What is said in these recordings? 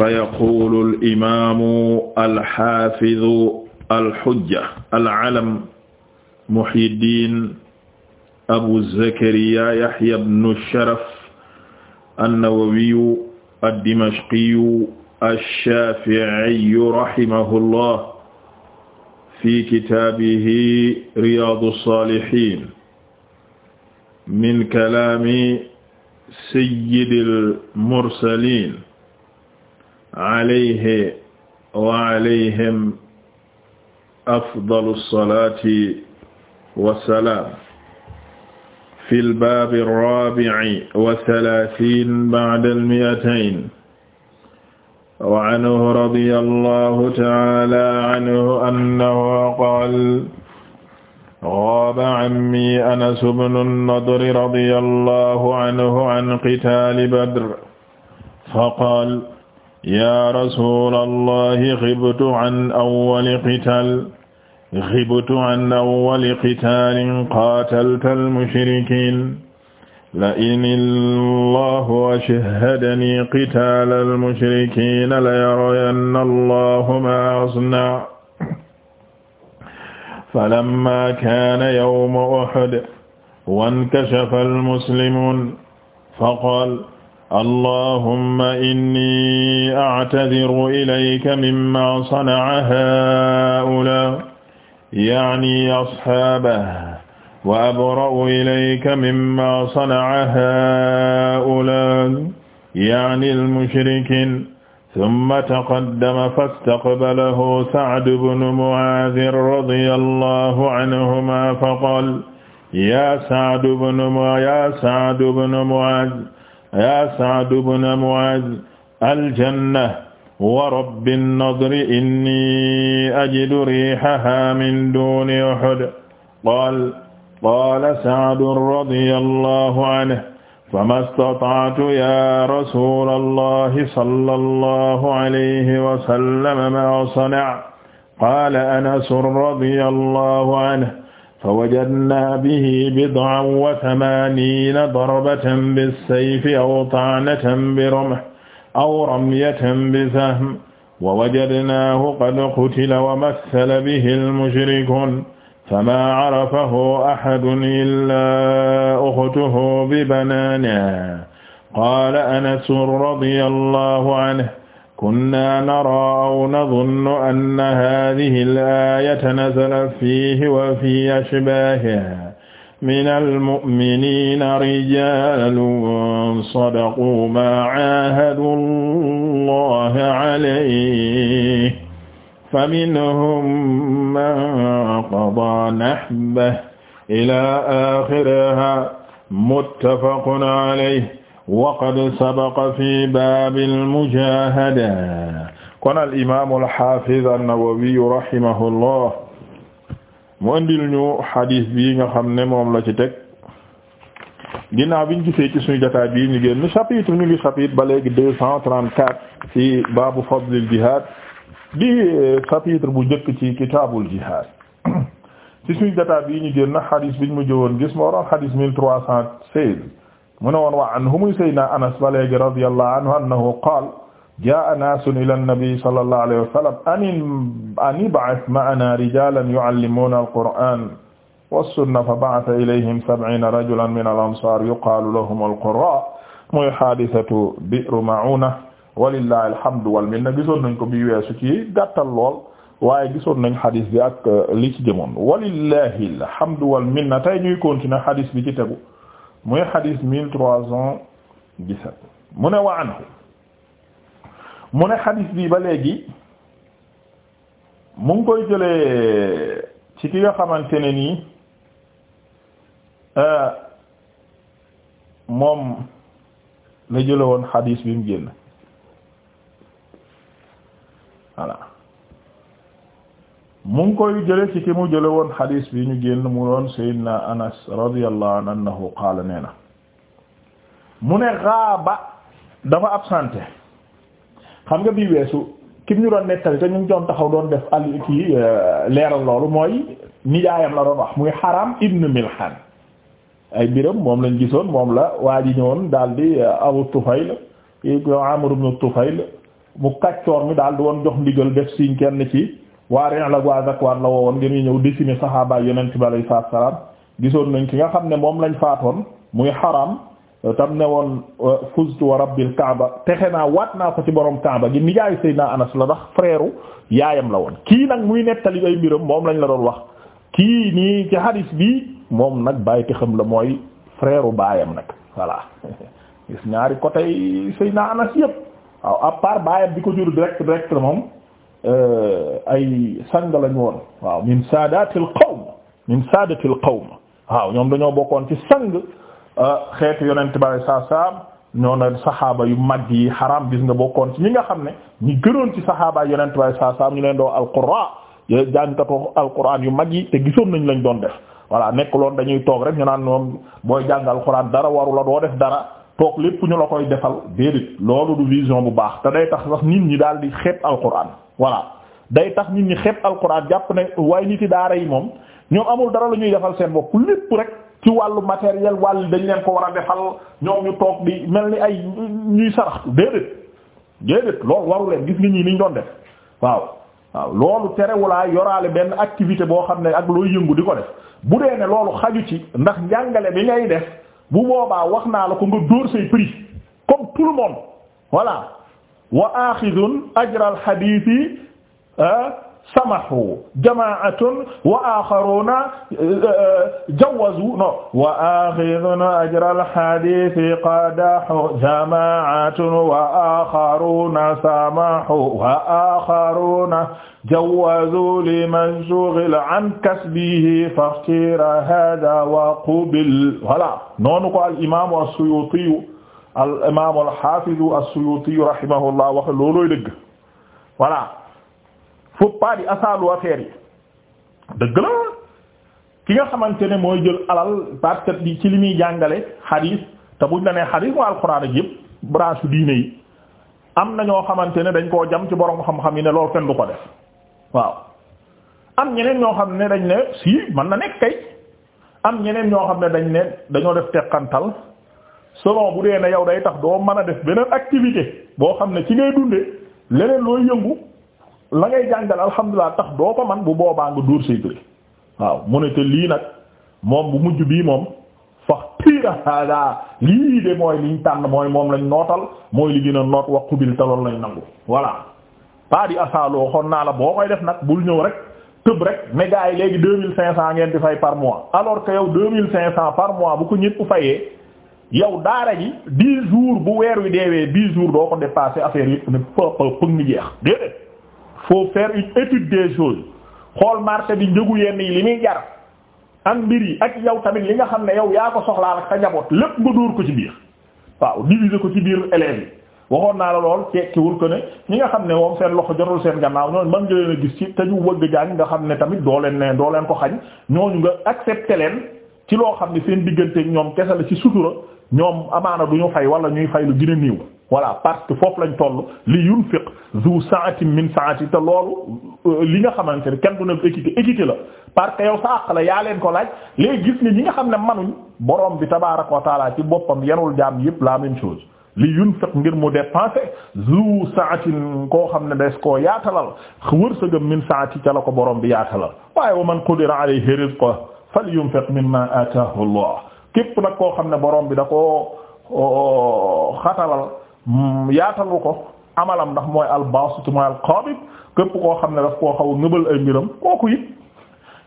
fayaqulu al-imaamu al-haafidu al-hujja al-alam Muhyiddin Abu Zakariya Yahya ibnu Sharaf an-Nawawiyu ad-Dimashqiyu ash-Shaafi'iyu rahimahullah fi kitaabihi Riyaadu s-Saalihiin min kalaami sayyidil mursaliin alayhi wa alayhim afdalu salaati wa salaam fil baabi raabi'i wa salaatiin ba'da al-mi'atayn wa anhu radiyallahu ta'aala anhu annahu qaala ghaaba ammi Anas ibnu an-Nadr radiyallahu anhu an qitaali Badr faqaala yaa rasulallahi xibtu an awwali qital xibtu an awwali qitaalin qaatalta almushrikiin la in allahu ashhadani qitaala almushrikiina la yarayanna allahu ma asnaa falammaa kaana yawmu uhud wankashafa almuslimuun faqaala allahumma inni a'tadiru ilayka mimma sana'a haa'ulaa'i ya'ni ashaabahu wa abra'u ilayka mimma sana'a haa'ulaa'i ya'ni al-mushrikiin thumma taqaddama fastaqbalahu Sa'd ibn Mu'aadh radiyallahu anhumaa faqaala yaa Sa'd ibn Mu'aadh yaa Sa'd ibn Mu'aadh ya Sa'd ibn Mu'adh aljanna wa rabbi an-nadri inni ajidu rihaha min duni Uhud qaal qaala Sa'd radiyallahu anhu fama istata'tu ya rasulallahi sallallahu alayhi wa sallam ma sana'a qaala Anas radiyallahu anhu فوجدنا به بضعا وثمانين ضربة بالسيف أو طعنة برمح أو رمية بسهم ووجدناه قد قتل ومثل به المشركون فما عرفه أحد إلا أخته ببنانه قال أنس رضي الله عنه kunna naraa aw nadunnu anna haadihi al-aayata nazalat fiihi wa fii ashbaahihi minal mu'miniina rijaalun sadaquu maa caahadu llaaha calayhi faminhum man qadaa nahbahu ilaa aaxirihaa muttafaqun calayhi waqad sabaqa fi baabil mujaahada kon al imaam al haafiz an-Nawawi rahimahullah mu andil ñu xadis bii nga xam ne moom la ci teg ginnaaw biñ gisee ci suñu jotaay bii ñu génn chapitre ñu ngi chapitre ba léegi deux cent trente-quatre ci baabu fadlil jihaad di chapitre bu njëkk ci kitaabul jihaad ci suñu jotaay bii ñu génn xadis biñ mu jëwoon gis moo doon xadis mille trois cent seize mu ne woon wa anhu muy sayyidina anas ba léegi radiyallahu anhu annahu qaal jaa naasun ila annabi sallallahu alayhi wa sallam an ib'ath ma'ana rijalan yu'allimuna al-qur'an was-sunna fa ba'atha ilayhim sab'iina rajulan min al-ansaar yuqaalu lahum al-qurraa muy haadisatu Bi'r Ma'uuna walillahi alhamdu wal minna gisoon nañ ko bi weesu ci gàttal lool waaye gisoon nañ hadis bi ak li ci jëmoon walillahi alhamdu wal minna tey ñuy continuer hadis bi ci tegu muy xadis mille trois cent dix-sept mu ne wa anhu mu ne xadis bi ba léegi mu ngi koy jëlee ci ki nga xamante ne nii euh, moom la jële woon xadis bi mu génn mu ngi koy jële ci ki mu jële woon xadiis bi ñu génn mu doon Seydina Anas radiyallahu anhu annahu qaala nee na mu ne xaaba dafa absenté xam nga bi weesu kim ñu doon nettali te ñu ngi doon taxaw doon def al kii euh, leeral loolu mooy nijaayam la doon wax muy Haram ibn Milhan ay biram moom lañ gisoon moom la waa ji ñëwoon daal di euh, Abu Tufayl Amr ibn Tufayl mu kàccoor mi daal di woon jox ndigal def siñ kenn ci waa Ri'l ak waa Zakwaan la woowoon ngir ñu ñëw décimer saxaabaay yonent bi alayhi salaatu wa salaam gisoon nañ ki nga xam ne moom lañ faatoon muy xaraam tam ne woon euh, fuztu wa rabbil kaaba texe naa waat naa ko ci borom kaaba gi sëy Seydina Anas la ndax frère yaayam la woon kii nag muy nettali ay mbiram moom lañ la doon wax kii nii ci hadis bi moom nag bàyyi te xam la mooy frère baayam nag voilà gis ñaari côté Seydina Anas yëpp waaw à part baayam ko jur moom. Euh, ay sang lañu woon waaw min saadatil qawm min saadatil qawm waaw ñoom dañoo bokkoon ci sang euh, xeetu yonent bari saa saam ñoo na saxaaba yu mag yi xaram gis nga bokkoon ci ñi nga xam ne ñi gënoon ci saxaaba yonent bari saa saam ñu leen doon alquraan jàngkatu alquraan yu mag yi te gisoon nañ lañ doon def voilà nekk dañuy toog rek ñu naan moom booy jàng alquraan dara warula doo def dara toog lépp ñu la koy defal déedéet loolu du vision bu baax te day tax sax nit ñi daal di xeeb alquraan voilà day tax nit ñi xeeb alquran jàpp ne waaye nit yi daara yi moom ñoom amul dara lu ñuy defal seen bopp lépp rek ci wàllu matériel wàll dañ leen ko war a defal ñoom ñu toog bi mel ni ay ñuy sarax déedéet déedéet loolu waru leen gis nga ñii niñ doon def waaw waaw loolu terewulaa yoraale benn activité boo xam ne ak looy yëngu di ko def bu dee ne loolu xaju ci ndax njàngale bi ngay def bu boobaa wax naa la ko nga dóor say prix comme tout wa axidun ajral xadiisi ah, samahu jamaatun wa axaruna eh, jawazu no wa axidun ajral xadiisi qadahu jamaatun wa axaruna samahu wa axaruna jawazu liman sughila an kasbihi faxtira hada wa qubil voilà noonu ko al imaamu as-Suyuti al imaam al xaafizu as-Suyuuti rahimahullah wax loolooy dëgg voilà faut pas di asaalu affaire yi dëgg la ki nga xamante ne mooy jël alal parce que ci li muy jàngale xadiis te buñ la nee xadiis waa alxuraan ak yëpp branche diine yi am na ñoo xamante ne dañ koo jam ci borom xam-xam yi ne loolu kenn du ko def waaw am ñeneen ñoo xam ne dañ ne si mën na nekk kay am ñeneen ñoo xam ne dañ ne dañoo def teqantal. selon bu dee na yow day tax doo mën a def beneen activité boo xam ne ci ngay dundee leneen looy yëngu la ngay jàngal alhamdulilah tax doo ko man bu boobaa nga dóor say waaw mu ne te lii nag moom bu mujj bii moom fax piira hada lii de mooy liñ tànn mooy moom lañ nootal mooy li gën a noot wa qubil taloon lañ nangu voilà pas di asaaloo xon naa la boo koy def nag bul ñëw rek tëb rek mais gars yi léegi deux mille cinq cent ngeen di fay par mois alors que ko fayee yow daara gi dix jours bu weer wi deewee dix jours doo ko dépasser affaire yi ne pëp pëg ngi jeex déedéet faut faire une étude des choses xool marché bi njëgu yenn yi li muy jar am mbir yi ak yow tamit li nga xam ne yow yaa ko soxlaal ak sa njaboot lépp nga dóor ko ci biir waaw diviser ko ci biir élèves yi waxoon naa la lool tekkiwul ko ne ñi nga xam ne moom seen loxo jotul seen gannaaw ñooñu mën nga leen a gis ci te ñu wëgg jàng nga xam ne tamit doo leen ne doo leen ko xañ ñooñu nga accepter leen ci loo xam ne seen digganteeg ñoom kese la ci sutura ñoom amaana du ñu fay wala ñu fay lu gën a néew voilà parce que foofu lañ toll li yunfiq zu sa'atin min sa'ati te loolu euh, li nga xamante ne kenn ku ne équité la parce que yow sa àq yaa leen ko laaj léegi gis ni ñi nga xam ne manuñ borom bi tabaaraka wa taala ci boppam yanul jaam yépp la même chose li yunfiq ngir mu dépenser zu sa'atin koo xam ne des koo yaatalal wërsëgam min sa'ati ca la ko borom bi yaatalal waaye wa man qudira alayhi rizquhu falyunfiq mimma ataahu Allah képp nag koo xam ne borom bi da koo oh, xatalal mm, yaatalu ko amalam ndax mooy al-Baasitu mooy al-Qaabid képp koo xam ne daf koo xaw a ngëbal ay mbiram kooku it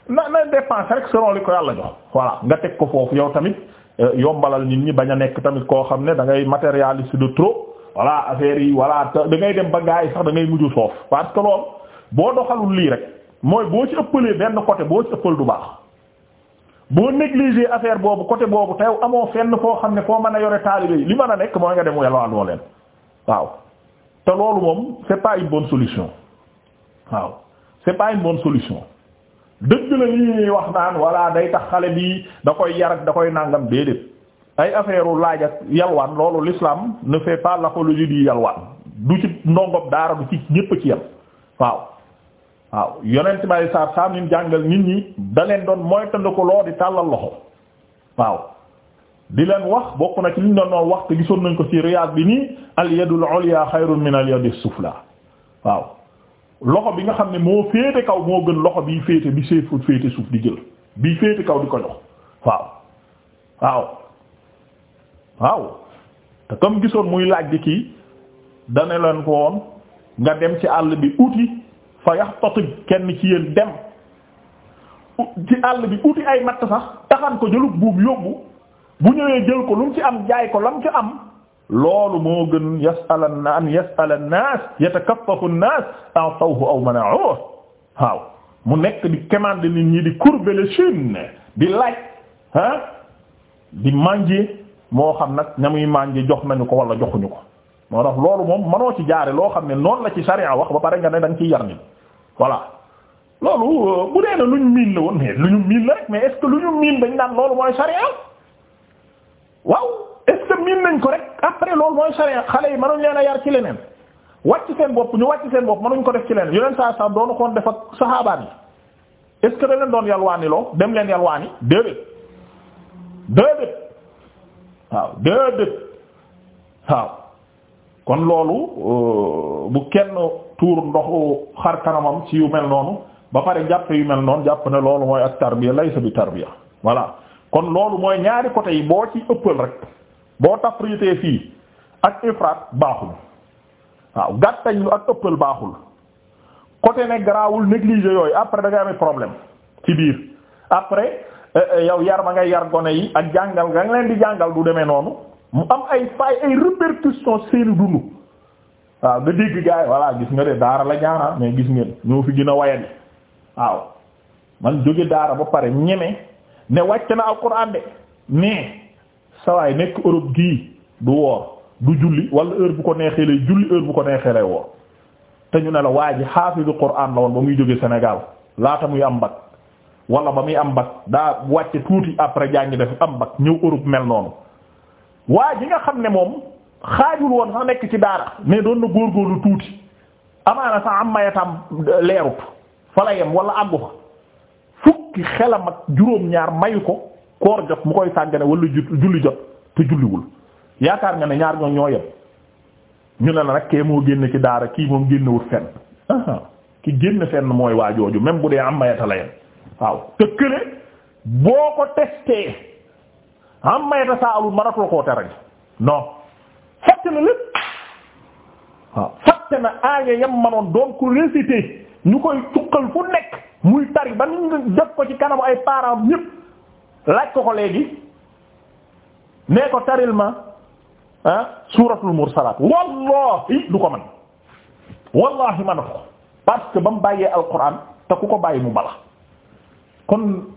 na na dépense rek selon li ko yàlla jox voilà nga teg ko foofu yow tamit euh, yombalal nit ñi bañ a nekk tamit koo xam ne da ngay matérialiste de trop voilà affaire yi voilà da ngay dem ba gaa yi sax da ngay mujj soof parce que loolu boo doxalul lii rek mooy boo ci ëppalee benn côté boo ci ëppal du baax. boo négligé affaire boobu côté boobu te yow amoo fenn foo xam ne foo mën a yore taalibe li man a nekk mooy nga dem yelwaanoo leen waaw te loolu moom c'est pas une bonne solution waaw c'est pas une bonne solution dëgg la li ñuy wax naan walla day tax xale bi da koy yar da koy nàngam déedéet ay affaire u laaj ak yalwaan loolu l'islam ne fait pas l'apologie du yalwaan du ci ndongob daara du ci ñépp ci yam waaw waaw yonent may saar saar ñu jàngal nit ñi daleen leen doon moytandiku loo di tàllal loxo waaw di leen wax bokk na ci liñ doon doon wax te gisoon nañ ko ci Riyad bi nii al yadul ulya xayrun min al yadis sufla waaw loxo bi nga xam ne moo féete kaw moo gën loxo bi féete bi seefut féete suuf di jël bi féete kaw di ko jox waaw waaw waaw te comme gisoon muy laaj di kii dane leen ko woon nga dem ci àll bi uti fa yaxtatib kenn ci yéen dem ci àll bi uti ay matt sax taxan ko jëlug buub yóbbu bu ñëwee jël ko lu mu ci am jaay ko lam ci am loolu moo gën yasal an yasal an-nas yatakaffafu an-nas a'tawhu aw mana'uhu mu nekk di commande nit ñi di courber l'échine di laaj ah di manger moo xam nag ñamuy manger jox nañu ko wala joxuñu ko moo loolu moom mënoo ci jaare loo xam ne noonu la ci sariya wax ba pare nga ne da nga ciy yar nit voilà loolu euh, bu dee ne lu ñu miin la woon mais lu ñu miin la rek mais est lu ñu miin dañ naan loolu mooy sariya waaw est miin nañ ko rek après loolu mooy sariya xale yi mënuñ leen a yar ci leneen wàcc seen bopp ñu wàcc seen bopp ñu ko def ci leneen yeneen saa saa doonu koon def ak saxaabaan yi est ce doon yalwaani loo dem leen yalwaani déedéet déedéet waaw kon loolu euh, bu kenn tour ndoxu xar kanamam si yu mel noonu ba pare jàpp yu mel noonu jàpp ne loolu mooy ak tarbiya laysa bi tarbiya voilà kon loolu mooy ñaari côté yi boo ci ëppal rek boo tafritee fii ak ifraat baaxul waaw gàttañ lu ak ëppal baaxul côté ne garaawul négligé yooyu après da ngay amee problème ci biir après euh, euh, yow yar ba ngay yar gone yi ak jàngal nga leen di jàngal du demee noonu mu am ay fay ay répercussions seeni dund waaw nga dégg gars yi voilà gis nga de daara la ñaara mais gis ngeen ñoo fi gën a wayani waaw man jóge daara ba pare ñeme ne wàcc na alxuraan de mais sawaay nekk Europe gii du woor du julli wala heure bu ko neexee lay julli heure bu ko neexee lay woor te ñu ne la waa ji xaafisu Qur'aan la woon ba muy jóge Sénégal laata muy am bac wala ba muy am bac daa wàcce tuuti après jàngi def am bac ñëw Europe mel noonu waa ji nga xam ne moom xaajul woon sax nekk ci daara mais doon na góorgóorlu tuuti amaana sax am mayatam leerut fa la yem wala àggu fa fukki xelam ak juróom-ñaar mayu ko koor jot mu koy sàggane wala julli jot te julliwul yaakaar nga ne ñaar ñoo ñoo yem ñu ne la nag kee moo génn ci daara kii moom génnewut fenn ki génn fenn mooy waajooju même bu dee am mayata la yem waaw te kële boo ko testé am mayta saa alul maratul koo tere non fàtte na lépp waaw fàtte na aaya yam manoon doon ko réciter ñu koy tukkal fu nekk muy tari ba ñu def ko ci kanamu ay parents ñépp laaj ko ko léegi nee ko taril ma ah suuratul mursalaat wallahi du ko man wallahi man ko parce ba mu bàyyee alquran te ku ko bàyyi mu bala kon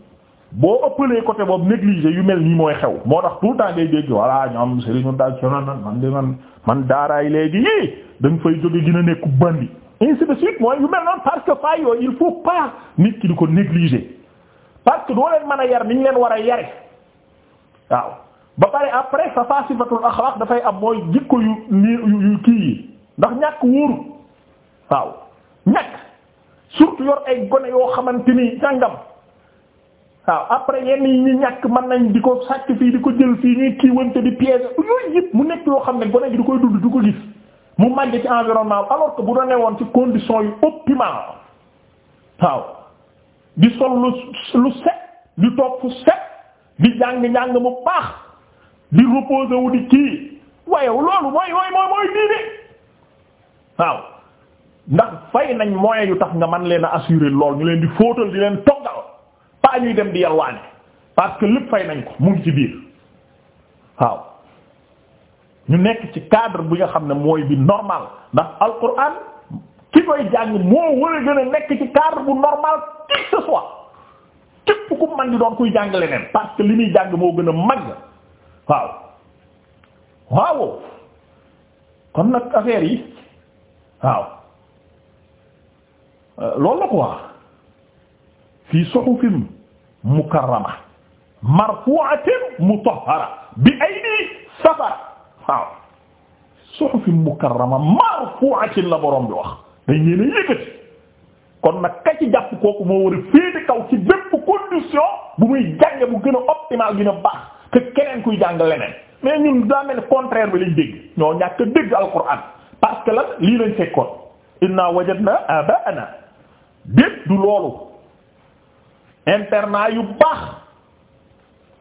boo ëppalee côté boobu négligé yu mel nii mooy xew moo tax tout le temps ngay dégg voilà ñoom Serigne daal coono na man de man man daaraay léegi yii eh, da nga fay jóge dina nekk bandi ainsi de suite mooy mel noonu parce que fay yooyu il faut pas nit ki di ko négliger parce que doo leen mën a yar ni ñu leen war a yare waaw ba pare après sa fasifatul axlaq dafay am mooy jikko yu nii yu kii yi ndax ñàkk wóoru waaw ñàkk surtout yor ay gone yoo xamante ni jàngam. waaw après yenn yi ñu ñàkk mën nañ di ko sàcc fii di ko jël fii ñuy kiiwante di piège yooyu yëpp mu nekk yoo xam ne gone gi di koy dund du ko gis mu màgg ci environnement alors que bu doon ne woon ci condition yu optimale waaw di sol lu set di toog fu set di jàng njàng mu baax di reposer wu di kii waaye loolu mooy mooy mooy mooy diine waaw ndax fay nañ moyens yu tax nga mën leen a assurer lool ñu leen di fóotal di leen toggal balaa dem di yalwaane parce que lépp fay nañ ko mu ngi ci biir waaw ñu nekk ci cadre bi nga xam ne mooy bi normal ndax alquran ki koy jàng moo war a gën a nekk ci cadre bu normal qui que ce soit képp ku man di doon kuy jàng leneen parce que li muy jàng moo gën a màgg waaw waaw kon nag affaire yi waaw loolu la quoi fii soxu film mukarrama marfu'atin mutahhara bi aydi safara waaw suhufin mukarrama marfu'atin la borom bi wax dañ leen a yëkkati kon nag ka ci jàpp kooku moo war a féete kaw ci bépp condition bu muy jànge bu gën a optimal gën a baax que keneen kuy jàng leneen mais ñun daa mel ne contraire bi lañ dégg ñoo ñàkk dégg alquran parce que lan lii lañ fekkoon inna wajadna aba'ana déet du loolu internat yu baax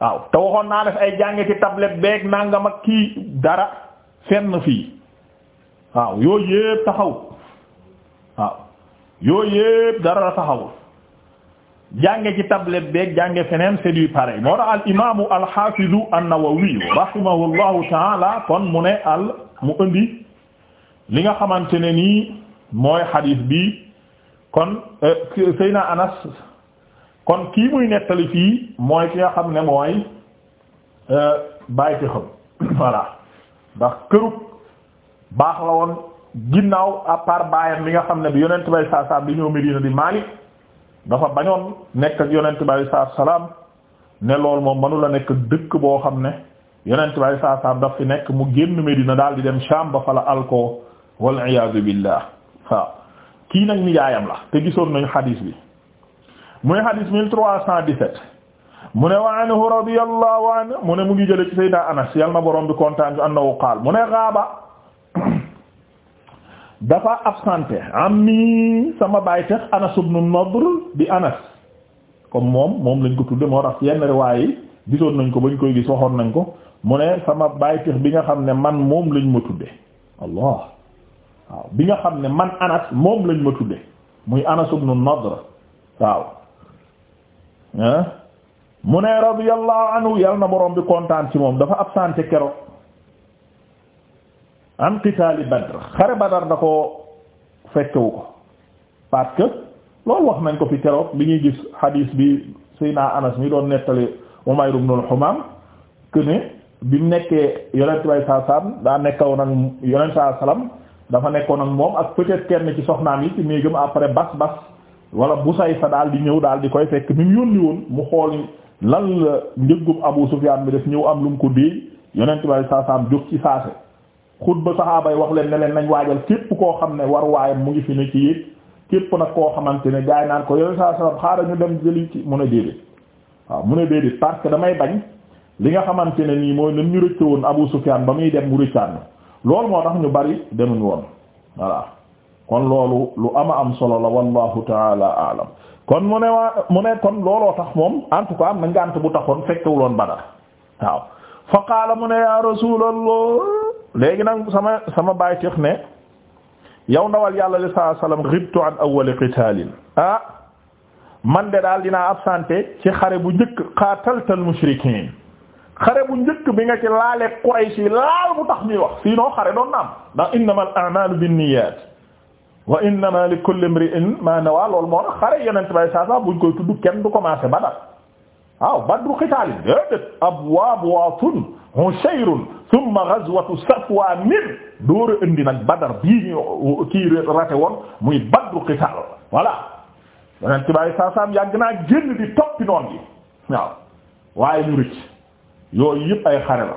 waaw te waxoon naa ay jànge ci tablette beeg nangam ak dara fenn fii waaw yooyu taxaw taxawut waaw yooyu yépp dara jànge ci tablette beeg jànge feneen c'est du moo tax al imaamu al xaafidu an taala kon mu ne al mu indi li nga xamante ne nii mooy xadiis bi kon euh, Seyna Anas kon kii muy nettali fii mooy ki nga xam ne mooy bàyyi ci xam voilà ndax kërug baax la woon ginnaaw à part baayam nga xam ne bi yonent bay saa saam di ñëw Medina di Maalik dafa bañoon nekk ak yonent bay saa salaam ne lool moom mënu la nekk dëkk boo xam ne yonent bay saa saam daf fi nekk mu génn Medina daal di dem Sham ba fa la alko wal iyaazu billah waaw kii nag nijaayam la te gisoon nañu xadiis bi muy hadis 1317 mu ne wa anhu radiyallahu anhu mu ne mu ngi jële ci Seydina Anas yal na borom bi kontaan annahu qaal mu ne gaaba dafa absenté ammi sama baay tax Anas ibn Nadr bi Anas comme moom moom lañ ko tudde moo tax yenn riwaay gisoon nañ ko bañ koy gis waxoon nañ ko mu ne sama baay tax bi nga xam ne man moom lañ ma tudde Allah waaw bi nga xam ne man Anas moom lañ ma tudde muy Anas ibn Nadr waaw mu ne radiyallahu anhu yal na boroom bi kontaan ci moom dafa absenté kero an qitaali Badr xare Badar da ko fekkewu ko parce que loolu wax nañ ko fi keroog bi ñuy gis hadis bi Seyna Anas mi doon nettali Umayr ibn al-Humam que ne bi mu nekkee yonent bay saa saam daa nekkaw nag yonent saa salam dafa nekkoon ak moom ak peut-être kenn ci soxnaam yi ci néegam après bas bas wala Busayfa daal di ñëw daal di koy fekk mi ñu yónni woon mu xool lan la njëggum Abu Sufyaan bi def ñëw am lu mu ko déey yonent bi sallallahu alayhi wasallam jóg ci saase xutba saxaaba yi wax leen ne leen nañ waajal képp koo xam ne war waayam mu ngi fi ne ci yéeg képp nag koo xamante ne gaay naan ko yonent sallallahu xaaral ñu dem jëli ci mu ne déedéet waaw mu ne déedéet parce que damay bañ li nga xamante ne nii mooy lan ñu rëcc woon Abu Sufyaan ba muy dem mu rëccaan loolu moo tax ñu bari demuñ woon voilà kon loolu lu ama am solo la wallahu taala kon mu mu ne looloo tax moom en tout am na ngànt bu taxoon fekkewuloon Badar waaw fa mu ne ya rasulallah léegi nag sama sama baay tax ne yow na ndawal yàlla li saa sallam ribtu an awwal qitaalin ah man de daal dinaa absenté ci xare bu njëkk qaataltal mushrikiin xare bu njëkk bi nga ci laale Quraysh yi laal bu tax ñuy wax sinon xare doon na am ndax innamal bi binniyaat wa innama li kulli imri'in ma nawa loolu moo tax xare yonent bay saa saa buñ koy tudd kenn du commencé badar waaw badru xitaali déedéet abwaabu waatun hushayrun thumma ghazwatu safwaanin door a indi nag badar bii ñu kii rate woon muy badru xitaal voilà yonent bay saa saa yàgg di toppi noon gi waaw waaye ñu rëcc yooyu ay xare la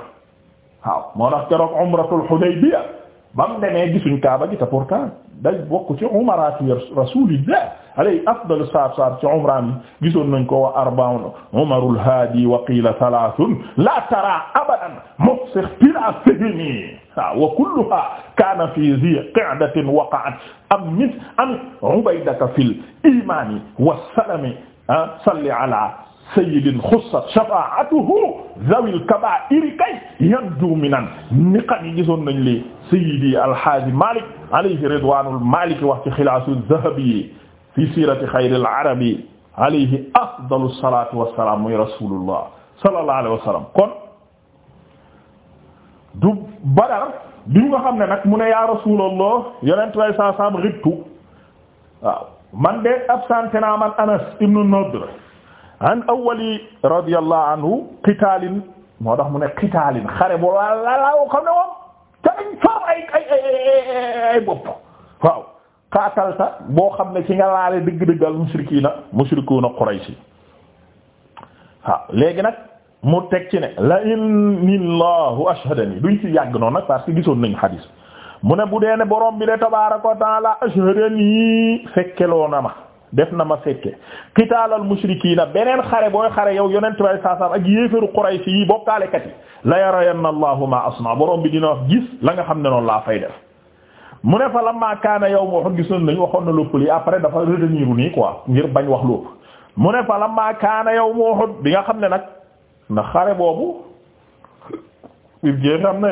waaw moo tax keroog umratul hudaybiya ba mu demee gisuñ kaaba gi te pourtant day bokk ci umaraati rasulillah alayhi afdalu saab saab ci umra mi gisoon nañ ko wa arba'un umarul haadi wa qila thalathun la tara abadan mufsi ikhtilafihim wa kulluha kana fi zi qi'datin waqa'at am mis an ubaydaka fil imani wassalami salli ala sayyidin xussat shafaa'atuhu zawil kabaa'iri kay yanju minan niqam yi gisoon nañ li sayyidi alhaaji Malik alayhi ridwaanul Maliki wax ci xilaasu zahabi fi siirati xayril arabi alayhi afdalu salaatu wa salaam muy rasulullah sallallahu alayhi wa sallam kon du Badar bi nga xam ne nag mu ne yaa rasulullah yonent way saa saam ribtu waaw man de absenté naa man Anas ibn Nadr an awwali radiyallahu anhu qitaalin moo tax mu ne qitaalin xare bu laalaaw xam ne moom te dañ far ay ay ay ay bopp waaw qaatalta boo xam ne ci nga laale dëgg-dëgg al mushrikina mushrikuuna Quraysh waaw léegi nag mu teg ci ne la inni Allahu ashhadani duñ ci yàgg noonu nag parce que gisoon nañu xadiis mu ne bu dee ne borom bi de tabaaraka wa taala ashhadani fekkeloo ma. def na ma fekke qitaalal mushrikiina beneen xare booy xare yow yonent bi saa ak yéefaru Quraysi yi bokkaalekat la yarayanna Allahu ma asna borom bi dina wax gis la nga xam ne noonu laa fay def. mu ne fa lamma kaana yawmu Uhud gis nañ nañu waxoon na lépp lii après dafa retenir nii ko ngir bañ wax lépp mu ne fa lamma kaana yawmu Uhud bi nga xam ne nag ndax xare boobu bi jeex am na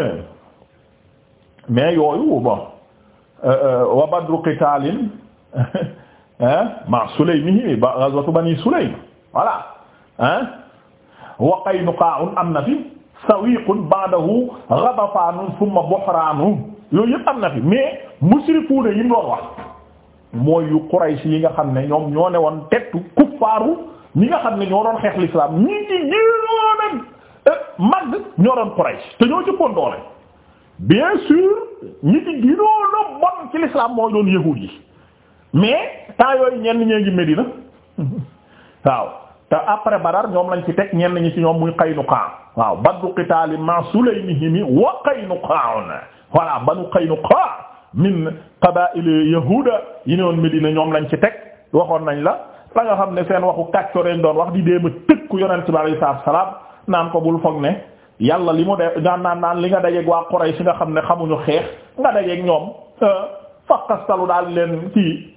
mais yooyu bon euh, euh, wa badru qitaalin ma Sulaymihim ba ghazwatu bani Sulaym voilà ah wa Qaynuqaa'un am na fi sawiqun ba'dahu Ghatafaan thumma Buhraan yooyu yëpp am na fi mais mushrikuuna yi mu doon wax yi nga xam ne ñoom ñoo ne woon tettu kuffaaru ñi nga xam ne ñoo doon xeex lislaam ñi ngi gënoon a mag ñoo doon Quraysh te ñoo jëppoon doole bien sûr ñi ngi gënoon a bon ci l'islam moo doon yahuud yi mais temps yooyu ñenn ñee ngi Medina waaw te après Badar ñoom lañ ci teg ñenn ñi ci ñoom muy Qaynuqa waaw baddu qitaali ma sulaymihim wa Qaynuqa voilà banu Qaynuqa min qabaa'il yahuuda yi ne woon Medina ñoom lañ ci teg waxoon nañ la la nga xam ne seen waxu kàccoreen doon wax di déema tëkku yonent bi alayhi salaam naan ko bul foog ne yàlla li mu de naan naan naan li nga dajeeg waa Quraysh nga xam ne xamuñu xeex nga dajeeg ñoom euh, daal leen ci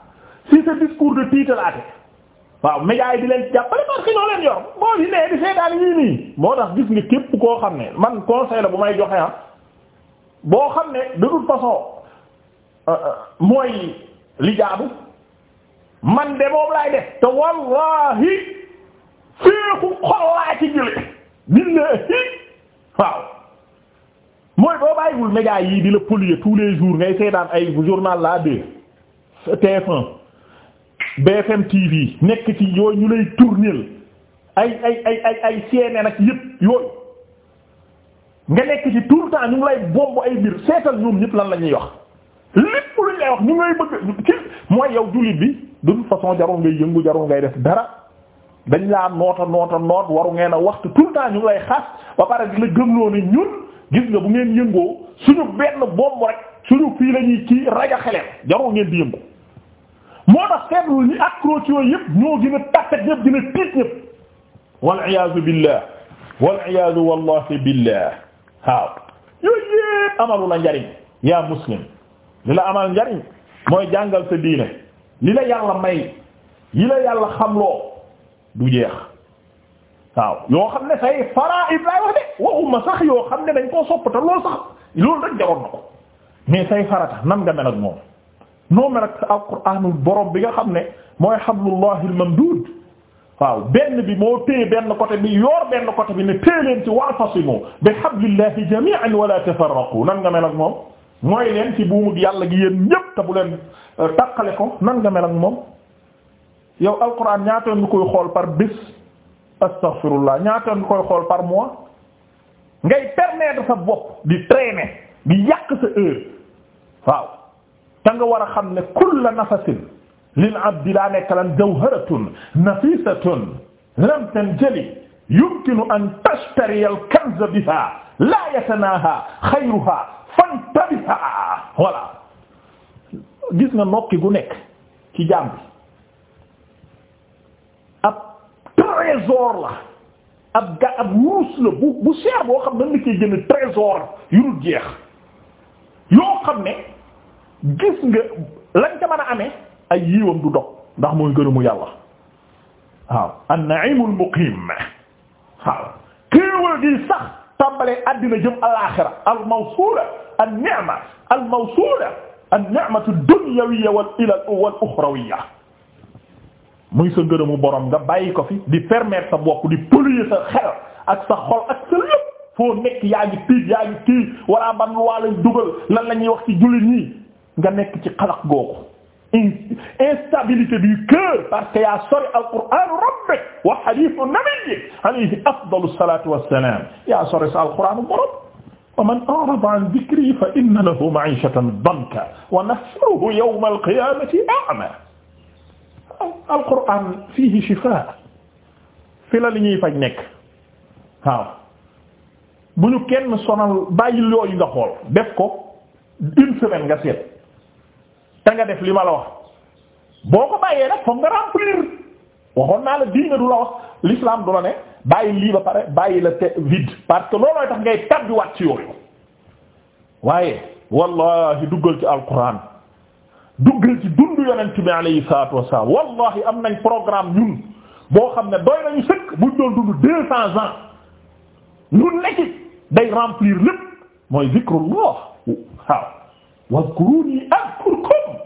si sa discours de tiitalaate waaw médias yi di leen jàppale parce que ñoo leen yor moo di di seetaan yii nii moo tax gis nga képp koo xam ne man conseil la bu may joxe ah boo xam ne de toute façon euh, euh, mooy li man de moom laay def te wallahi féexu xol laa ci jële waaw mooy boo bàyyiwul médias yi di la polluer tous les jours ngay seetaan ay journal la deux TF1 BFM TV nekk ci yooyu ñu lay tourneel ay ay ay ay ay CNN ak yëpp yooyu nga nekk ci tout le temps ñu ngi lay bomb ay mbir seetal ñoom ñëpp lan la ñuy wax lépp lu ñu lay wax ñu ngay bëgg mooy yow jullit bi de toute façon jarul ngay yëngu jarul ngay def dara dañ laa noota noota noot waru ngeen a waxtu tout le temps ñu ngi lay xas ba pare di la gëmloo ne ñun gis nga bu ngeen yëngoo suñu benn bomb rek suñu fii la ñuy kii raja xeleel jarul ngeen di yëngu moo tax seetlu ñi accro ci yooyu yëpp ñoo gën a tàkkat ñëpp gën a tiit ñëpp wal iyaazu billah wal iyaazu wallahi billah waaw yooyu yëpp amalu la njariñ yaa muslim li la amal njariñ mooy jàngal sa diine li la yàlla may yi la yàlla xamloo du jeex waaw yoo xam ne say faraa'id laay wax de waxuma sax yoo xam ne dañ koo soppata loolu sax loolu rek jaroon na ko mais say farata nan nga mel ak moom noonu rek sa alquraanul borom bi nga xam ne mooy hablullahil mamduud waaw benn bi moo téye benn côté bi yoor benn côté bi ne téye leen ci wa'tasimu bi hablillahi jami'an wa la tafarraqu nan nga mel ak moom mooy leen ci buumu yàlla gi yéen ñépp te bu leen euh, tàqale ko nan nga mel ak moom yow alquraan ñaata nga koy xool par bés astaghfirullah ñaata nga koy xool par mois ngay permettre sa bopp di traîner di yàq sa heure waaw te nga war a xam ne kulla nafasin lil abdi laa nekk lan jawharatun nafisatun lam tanjali yumkinu an tashtariya al kanza biha laa yatanaha xayruha fantabiha voilà gis nga nokki gu nekk ci jaam bi ab trésor la ab ga ab wurus la bu bu cher boo xam ne dañ la koy jënd trésor yu dul jeex yoo xam ne gis nga lañ ca mën a amee ay yiiwam du dog ndax mooy gërëmu yàlla waaw an-na'imul muqiim waaw sax tàmbalee àddina jëm al-aaxira al-mawsuula an-ni'ma al wal ilal wal uxrawiyya muy sa gërëmu borom nga bàyyi ko fi di permettre sa bopp di polluer sa xel ak sa xol ak sa lépp foo nekk yaa ngi yaa ngi tiit walla ban waa lañ dugal lan la ñuy wax ci nga nekk ci xalaq googu instabilité du cœur parce que yaa sori alquran rabbik wa hadithu nabiyyik alayhi afdalu salatu wassalam yaa sori sa alquran borom wa man a'rada an dhikri fa inna lahu ma'ishatan danka wa nahshuruhu yawma alqiyamati a'ma alquran fihi shifa fi la li ñuy faj nekk waaw bu ñu kenn sonal bàyyi looyu nga xool def ko une semaine nga seet te nga def li ma la wax boo ko bàyyee nag foog nga remplir waxoon naa la diine du la wax l'islam du la ne bàyyi lii ba pare bàyyi la te vide parce que loolooy tax ngay tabbiwaat ci yooyu waaye wallahi duggal ci alquran duggal ci dund yonent bi alayhi salaatu wassalaam wallahi am nañ programme ñun boo xam ne doy nañu sëkk buñ doon dund deux cents ans ñun nekk day remplir lépp mooy zikrullah wadkuruni adkurkum